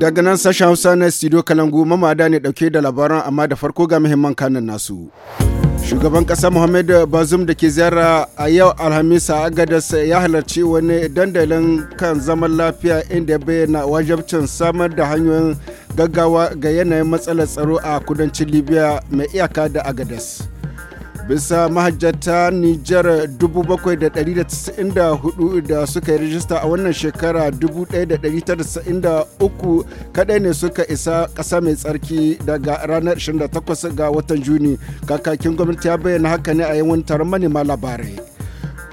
daga nan sashen hausa na studio kalangu mamada ne dauke da labaran amma da farko ga muhimman kanan nasu shugaban kasa muhammad bazum da ke ziyara a yau alhamis a agadas ya halarci wani dandalin kan zaman lafiya inda ya bayyana wajabcin samar da hanyoyin gaggawa ga yanayin matsalar tsaro a kudancin libya mai iyaka da agadas bisa mahajjata Nijar 7,194 da suka yi rijista a wannan shekara 1,993 kadai ne suka isa ƙasa mai tsarki daga ranar 28 ga watan Juni. Kakakin gwamnati ya bayyana haka ne a yawan taron manema labarai.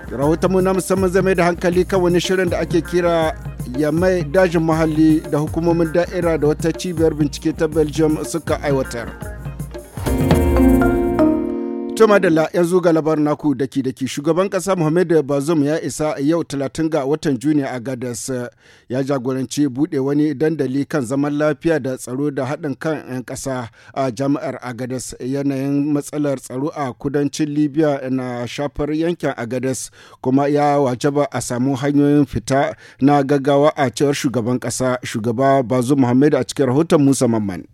Rahotonmu na musamman zai mai da hankali kan wani shirin da ake kira ya mai dajin muhalli da hukumomin da'ira da wata cibiyar bincike ta Belgium suka aiwatar. To madalla yanzu ga labarin naku daki daki shugaban kasa Muhammad Bazoum ya isa yau 30 ga watan Juni a Gadas eh, ya jagoranci bude wani dandali kan zaman lafiya da tsaro da haɗin kan 'yan ƙasa a jami'ar Agadas yanayin matsalar tsaro a kudancin Libya na shafar yankin Agadas kuma ya wajaba a samu hanyoyin fita na gaggawa a cewar shugaban kasa shugaba Bazoum Muhammad a cikin rahoton Musa Mamman.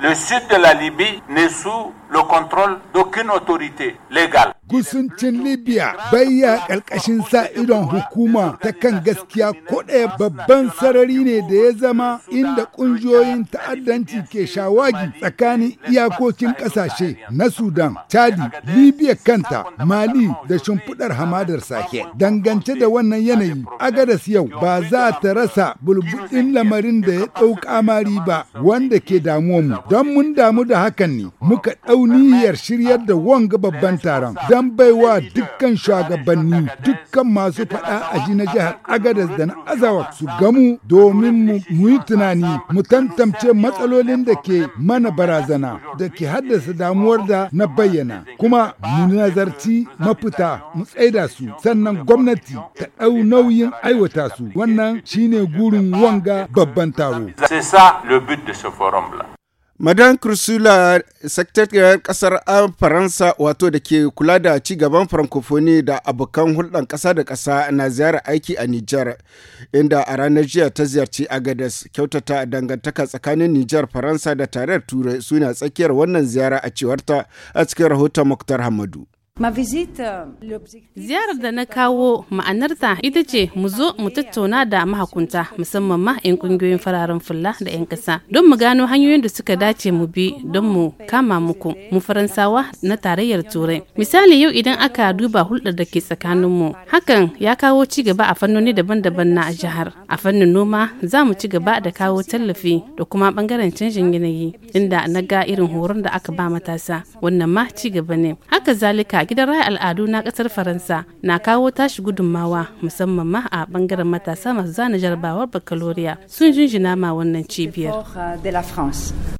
Le sud de la Libye ne sous le contrôle d'aucune autorité légale. Gusuncin Libya bayya ƙarƙashin sa idon hukuma ta kan gaskiya ɗaya babban sarari ne da ya zama inda ƙungiyoyin ta'addanci ke shawagi tsakanin iyakokin ƙasashe na Sudan, Chadi, Libya kanta, Mali da shimfiɗar hamadar Sahel. Dangance da wannan yanayi, Agadas yau ba za ta rasa bulbuɗin lamarin da ya ɗau kamari ba wanda ke damuwa mu. Don mun damu da hakan ne, muka ɗau niyyar shiryar da wanga babban taron don baiwa dukkan shugabanni dukkan masu faɗa a ji na jihar agadas da na Azawa su gamu domin mu yi tunani mu tantance matsalolin da ke mana barazana da ke haddasa damuwar da na bayyana kuma mu nazarci mafita mu tsaida su sannan gwamnati ta ɗau nauyin aiwata su wannan shine gurin wanga babban taro. C'est ça le but de ce madan kursula sakatariyar kasar faransa wato da ke kula da ci gaban francophonie da abokan hulɗar ƙasa da ƙasa na ziyarar aiki a niger inda a ranar jiya ta ziyarci Agadez, kyautata dangantaka tsakanin niger faransa da tarayyar turai suna tsakiyar wannan ziyara a cewarta a cikin rahoton muktar hamadu Ziyarar da na kawo ma'anarta ita ce mu zo mu tattauna da mahakunta musamman ma 'yan kungiyoyin fararen fulla da 'yan ƙasa don mu gano hanyoyin da suka dace mu bi don mu kama muku mu faransawa na tarayyar turai. Misali yau idan aka duba hulɗar da ke tsakaninmu hakan ya kawo ci gaba a fannoni daban-daban na jihar. A fannin noma za mu ci gaba da kawo tallafi da kuma ɓangaren canjin yanayi inda na ga irin horon da aka ba matasa wannan ma ci gaba ne. Haka zalika gidan raya al'adu na kasar faransa na kawo tashi gudunmawa musamman ma a bangaren matasa masu zana jarabawar baccalaureate sun jinjina ma wannan cibiyar euh,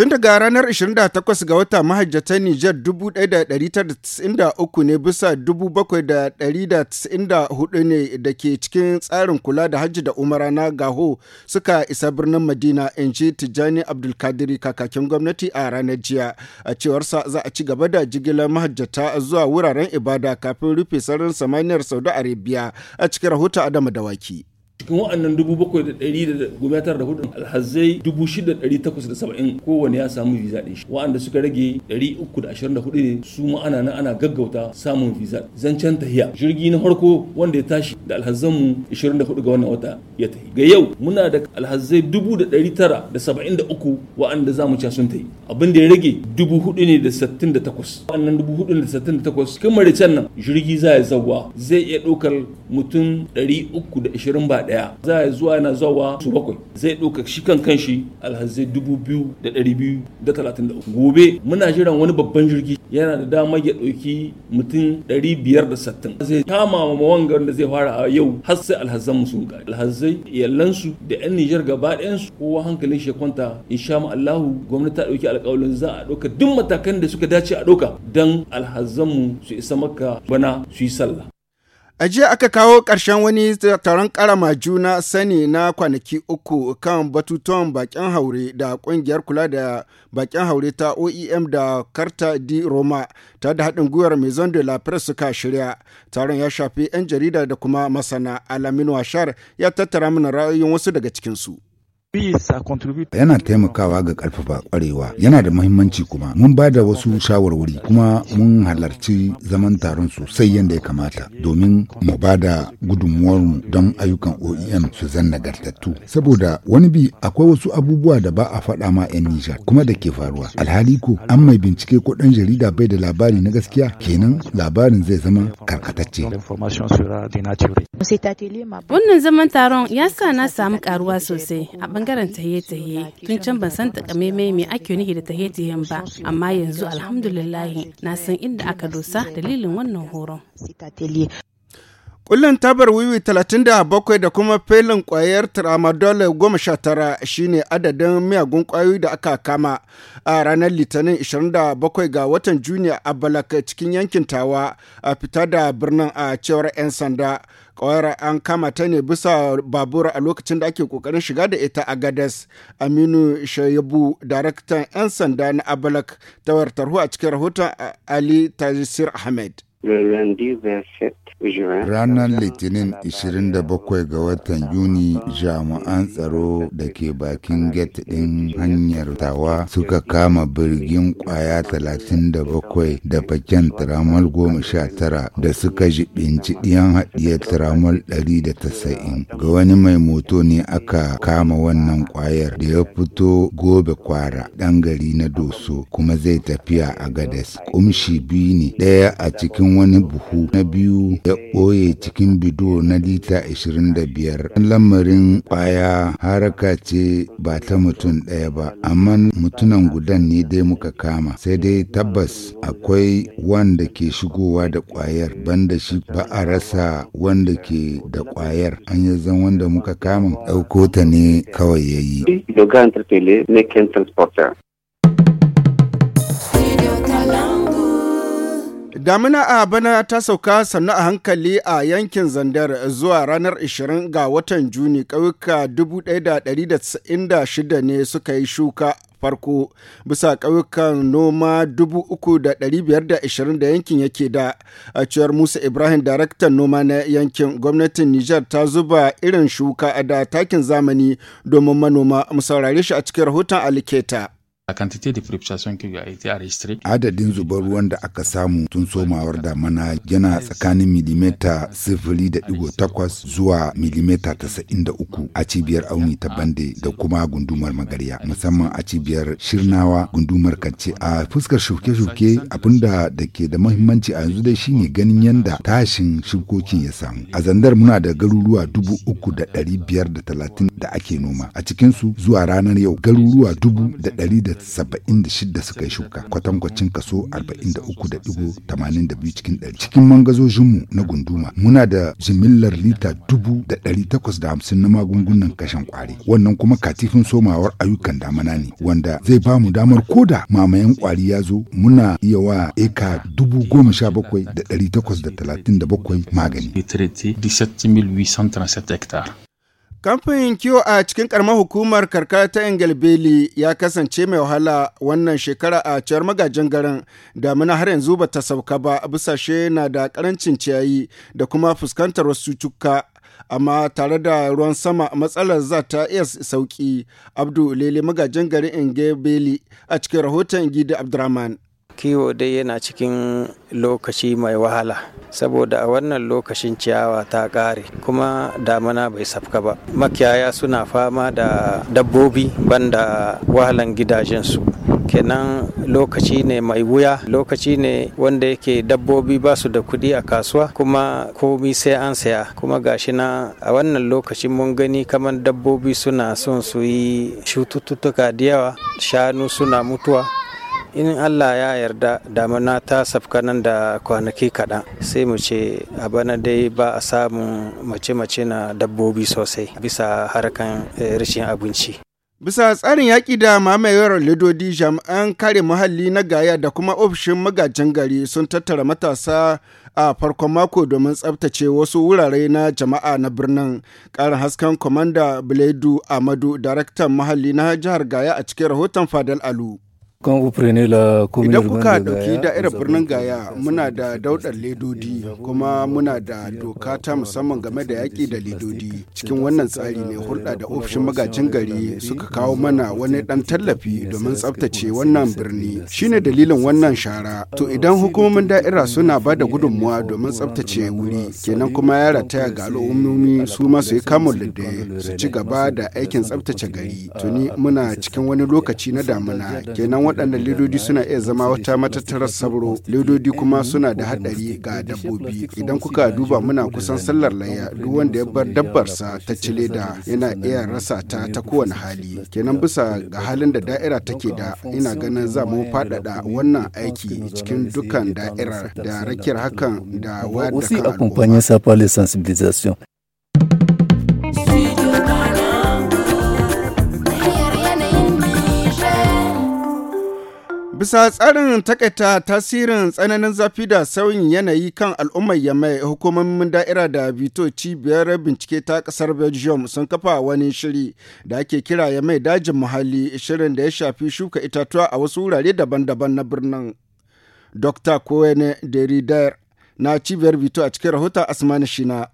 Tun daga ranar 28 ga wata mahajjata Nijar 1,993 ne bisa 7,194 ne da ke cikin tsarin kula da hajji da umara na gaho suka isa birnin Madina in ji Tijjani Abdulkadiri kakakin gwamnati a ranar jiya. A cewarsa za a ci gaba da jigilar mahajjata zuwa wuraren ibada kafin rufe sararin samaniyar Saudi Arabia a cikin rahoton Adama da Dawaki. cikin wa'annan dubu bakwai da ɗari da goma tara da hudu alhazai dubu shida ɗari takwas da saba'in kowane ya samu visa ɗin shi wa'anda suka rage ɗari uku da ashirin da hudu ne su ma ana ana gaggauta samun visa zancen tahiya jirgi na farko wanda ya tashi da alhazanmu ashirin da hudu ga wannan wata ya tahi ga yau muna da alhazai dubu da ɗari tara da saba'in da uku wa'anda za mu ca sun tahi abin da ya rage dubu hudu ne da sittin da takwas wa'annan dubu hudu da sittin da takwas cikin maricen nan jirgi za ya zagwa zai iya ɗaukar mutum ɗari uku da ashirin ba daya za a zuwa yana zawa su bakwai zai ɗauka shi kan kanshi alhazai dubu biyu da ɗari biyu da talatin da uku gobe muna jiran wani babban jirgi yana da dama ya ɗauki mutum ɗari biyar da sattin zai kama ma wangar da zai fara a yau har sai alhazan mu sun ƙari alhazai iyalansu da yan nijar gaba ɗayansu kowa hankalin shi kwanta insha allahu gwamnati ta ɗauki alƙawalin za a ɗauka duk matakan da suka dace a ɗauka don alhazan mu su isa maka bana su yi sallah A jiya aka kawo ƙarshen wani taron ƙarama juna sani na kwanaki uku kan batutuwan bakin haure da ƙungiyar kula da bakin haure ta OEM da Carta di Roma ta da haɗin gwiwar Maison de la Presse suka shirya. Taron ya shafi 'yan jarida da kuma masana Alamin Washar ya tattara mana ra'ayoyin wasu daga cikinsu. Yana taimakawa ga ƙarfafa ƙwarewa, yana da mahimmanci kuma. Mun ba da wasu shawarwari kuma mun halarci zaman taron sosai yadda ya kamata domin mu ba da mu don ayyukan OEM su zan nagartattu. Saboda wani bi akwai wasu abubuwa da ba a faɗa ma 'yan Nijar kuma da ke faruwa. Alhali ko an mai bincike ko ɗan jarida bai da labari na gaskiya kenan labarin zai zama karkatacce. Wannan zaman taron ya sa na samu karuwa sosai bangaren tahiye-tahiye tun can ban san takamaimai me ake nihi da tahiye-tahiyen ba amma yanzu alhamdulillah na san inda aka dosa dalilin wannan horon kullum tabar wiwi 37 da kuma felin kwayar tramadol 19 shine adadin miyagun kwayoyi da aka kama a ranar litinin 27 ga watan juni a balaka cikin yankin tawa a fita da birnin a cewar 'yan sanda kwayar an kama ta ne bisa babur a lokacin da ake kokarin shiga da ita a gadas aminu shayabu daraktan 'yan sanda na abalak ta tarho a cikin rahoton ali tazisir ahmed Ranar Litinin 27 ga watan Yuni jami'an tsaro da ke bakin get ɗin hanyar tawa suka kama birgin ƙwaya 37 da faken tiramal 19 da suka jibinci ɗiyan haɗiyar tiramal 190. Ga wani mai moto ne aka kama wannan ƙwayar da ya fito gobe kwara ɗan gari na doso kuma zai tafiya a gades. Ƙumshi biyu ne ɗaya a cikin cikin wani buhu na biyu ya ɓoye cikin bido na lita 25 lamarin kwaya haraka ce ba ta mutum ɗaya ba amma mutunan gudan ne dai muka kama sai dai tabbas akwai wanda ke shigowa da kwayar banda shi ba a rasa wanda ke da kwayar an yi zan wanda muka kama ɗauko ta ne kawai ya yi Damina a bana ta sauka sannu a hankali a yankin Zandar zuwa ranar 20 ga watan Juni ƙauyuka 1,196 ne suka yi shuka farko bisa ƙauyukan noma 3,520 da yankin yake da a cewar musa ibrahim daraktan noma na yankin gwamnatin nijar ta zuba irin shuka da takin zamani domin manoma mu shi a cikin rahoton aliketa a Adadin zubar ruwan da aka samu tun somawar damana yana tsakanin milimeta sifili da digo takwas zuwa milimeta tasa'in da uku a cibiyar auni ta bande da kuma gundumar magarya musamman a cibiyar shirnawa gundumar kance a fuskar shuke-shuke abinda da ke da mahimmanci a yanzu dai shine ganin yanda tashin shukokin ya samu a zandar muna da garuruwa dubu uku da ɗari biyar da talatin da ake noma a cikinsu zuwa ranar yau garuruwa dubu da ɗari da 76 suka yi shuka kwatankwacin kaso 43.82 cikin ɗari. cikin mangazojinmu na gunduma muna da jimillar lita 1850 na magungunan kashen kwari wannan kuma katifin somawar ayyukan damana ne wanda zai ba mu damar koda mamayen kwari ya zo muna iya wa eka 17,837 magani. Kamfanin kiwo a cikin karamar hukumar karkara ta Engelbeli ya kasance mai wahala wannan shekara a ciyar magajin garin damina har yanzu ba ta sauka ba busashe na da karancin ciyayi da kuma fuskantar wasu cuka amma tare da ruwan sama matsalar za ta iya sauki. Abdu Lele magajin garin Engelbeli a cikin rahoton Gidi Abdurrahman. kiwo dai yana cikin lokaci mai wahala saboda a wannan lokacin ciyawa ta ƙare kuma damana bai safka ba makiyaya suna fama da dabbobi banda wahalan gidajensu kenan lokaci ne mai wuya lokaci ne wanda yake dabbobi ba su da kuɗi a kasuwa kuma komi sai an saya kuma gashi na a wannan lokacin mun gani kamar dabbobi suna son su yi shututtuka da yawa shanu suna mutuwa in allah ya yarda damina ta safka nan da kwanaki kaɗan sai mu ce a bana dai ba a samun mace-mace na dabbobi sosai bisa harkan eh, rashin abinci Bisa tsarin yaƙi da mamayewar ledodi jami'an kare muhalli na gaya da kuma ofishin magajin gari sun tattara matasa a farkon mako domin tsabtace wasu wurare na jama'a na birnin. Ƙarin hasken kwamanda Biledu Amadu, daraktan muhalli na jihar Gaya a cikin rahoton Fadal Alu. Idan kuka ɗauki da'irar birnin Gaya muna da daudar ledodi kuma muna da doka ta musamman game da yaƙi da ledodi. Cikin wannan tsari ne hulɗa da ofishin magajin gari suka kawo mana wani ɗan tallafi domin tsabtace wannan birni. Shine dalilin wannan shara. To idan hukumomin da'ira suna ba da gudunmuwa domin tsabtace wuri kenan kuma ya rataya ga al'ummomi su ma su yi kamun lidde su ci gaba da aikin tsabtace gari. Tuni muna cikin wani lokaci na damuna kenan waɗannan ledodi suna iya zama wata matattarar sabro ledodi kuma suna da haɗari ga dabbobi idan kuka duba muna kusan sallar layya duk wanda ya bar dabbarsa ta ci leda yana iya rasa ta ta kowane hali kenan bisa ga halin da da'ira take da ina ganin za mu faɗaɗa wannan aiki cikin dukkan da'irar da rakiyar hakan da wayar kan al'umma. bisa tsarin takaita tasirin tsananin zafi da sauyin yanayi kan al'ummar yamai hukumomin da'ira da bito cibiyar bincike ta kasar belgium sun kafa wani shiri da ake kira yamai dajin muhalli shirin da ya shafi shuka itatuwa a wasu wurare daban-daban na birnin dr kowene deridar na cibiyar bito a cikin rahoton asmani shina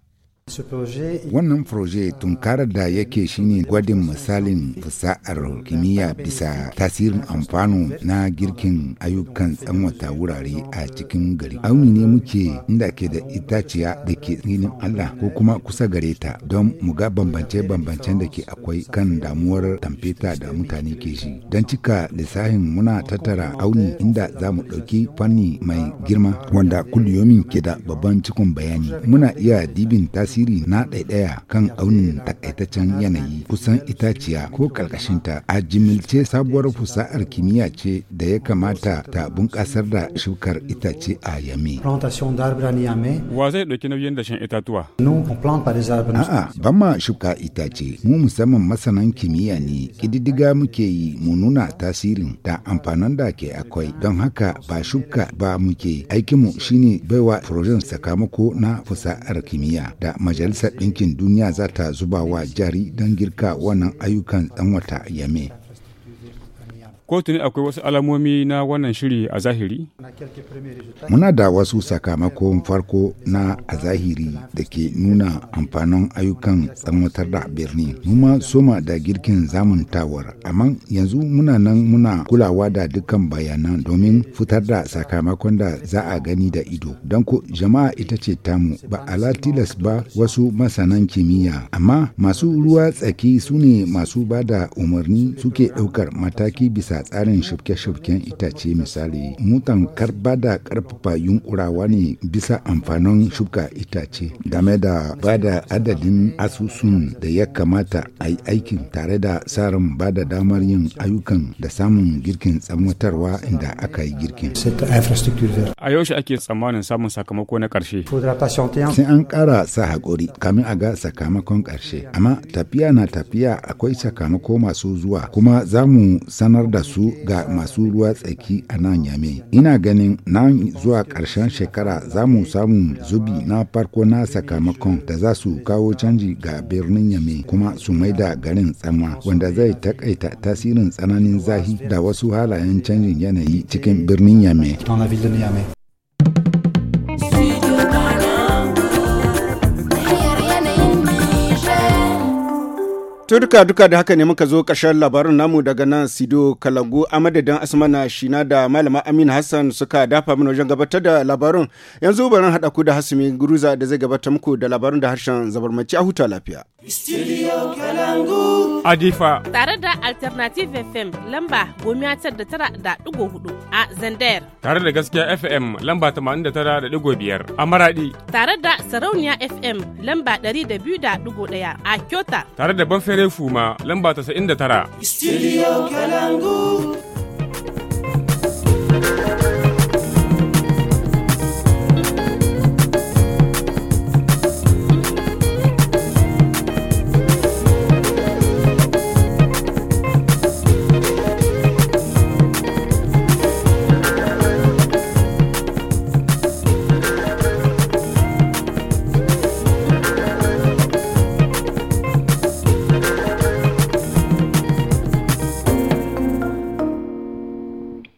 Wannan proje tunkarar da yake shine gwadin misalin fasa'ar kimiyya bisa tasirin amfano na girkin ayyukan tsanwata wurare a cikin gari. Auni ne muke inda ke da itaciya da ke tsinin Allah ko kuma kusa gare ta don muga ga bambance-bambancen da ke akwai kan damuwar tamfeta da mutane ke shi. Don cika lissafin muna tattara auni inda za mu ɗauki fanni mai girma wanda kuliyomin ke da babban cikon bayani. Muna iya dibin tasiri tasiri na ɗaiɗaya kan aunin takaitaccen yanayi kusan itaciya ko ƙarƙashinta a jimilce sabuwar fusa'ar kimiyya ce da ya kamata ta bunƙasar da shukar itace a yami. Wa zai ɗauki nauyin dashen itatuwa? A'a, ba ma shuka itace, mu musamman masanan kimiyya ne, ƙididdiga muke yi mu nuna tasirin da amfanin da ke akwai, don haka ba shuka ba muke aikinmu shine baiwa furojen sakamako na fusa'ar kimiyya da majalisar ɗinkin duniya za ta zuba wa jari don girka wannan ayyukan ɗan wata yame ko tuni akwai wasu alamomi na wannan shiri a zahiri? Muna da wasu sakamakon farko na a zahiri da ke nuna amfanin ayyukan tsammatar da birni. Muma soma da girkin zamantawar, amma yanzu muna nan muna kulawa da dukkan bayanan domin fitar da sakamakon da za a gani da ido. Don ko jama'a ita ce tamu ba ala tilas ba wasu masanan kimiyya, amma masu ruwa tsaki su ne masu ba da umarni suke ɗaukar mataki bisa bisa tsarin shirke-shirken itace misali mutan karba da karfafa yunkurawa ne bisa amfanin shuka itace game da ba da adadin asusun da ya kamata a yi aikin tare da tsarin ba da damar yin ayyukan da samun girkin tsammatarwa inda aka yi girkin. A yaushe ake tsammanin samun sakamako na ƙarshe. Sai an kara sa haƙuri kamin a ga sakamakon ƙarshe. Amma tafiya na tafiya akwai sakamako masu zuwa kuma za mu sanar da su ga masu ruwa tsaki a nan yame. Ina ganin nan zuwa ƙarshen shekara za mu samu zubi na farko na sakamakon da za su kawo canji ga birnin yame kuma su maida garin tsanwa wanda zai takaita tasirin tsananin zahi da wasu halayen canjin yanayi cikin birnin yame. To duka duka da haka ne muka zo ƙarshen labarin namu daga nan Sido Kalangu a madadin Asmana Shina da Malama Amin Hassan suka dafa mana wajen gabatar da labarin. Yanzu barin haɗa ku da Hasumi Guruza da zai gabatar muku da labarin da harshen zabarmaci a huta lafiya. Studio Kalangu. Adifa. Tare da Alternative FM lamba gomiya tar da tara da ɗigo hudu a Zandayar. Tare da gaskiya FM lamba tamanin da tara da ɗigo biyar a Maraɗi. Tare da Sarauniya FM lamba ɗari da biyu da ɗigo ɗaya a Kyota. Tare da Banfe Tare Fuma lamba 99. Studio Kalangu.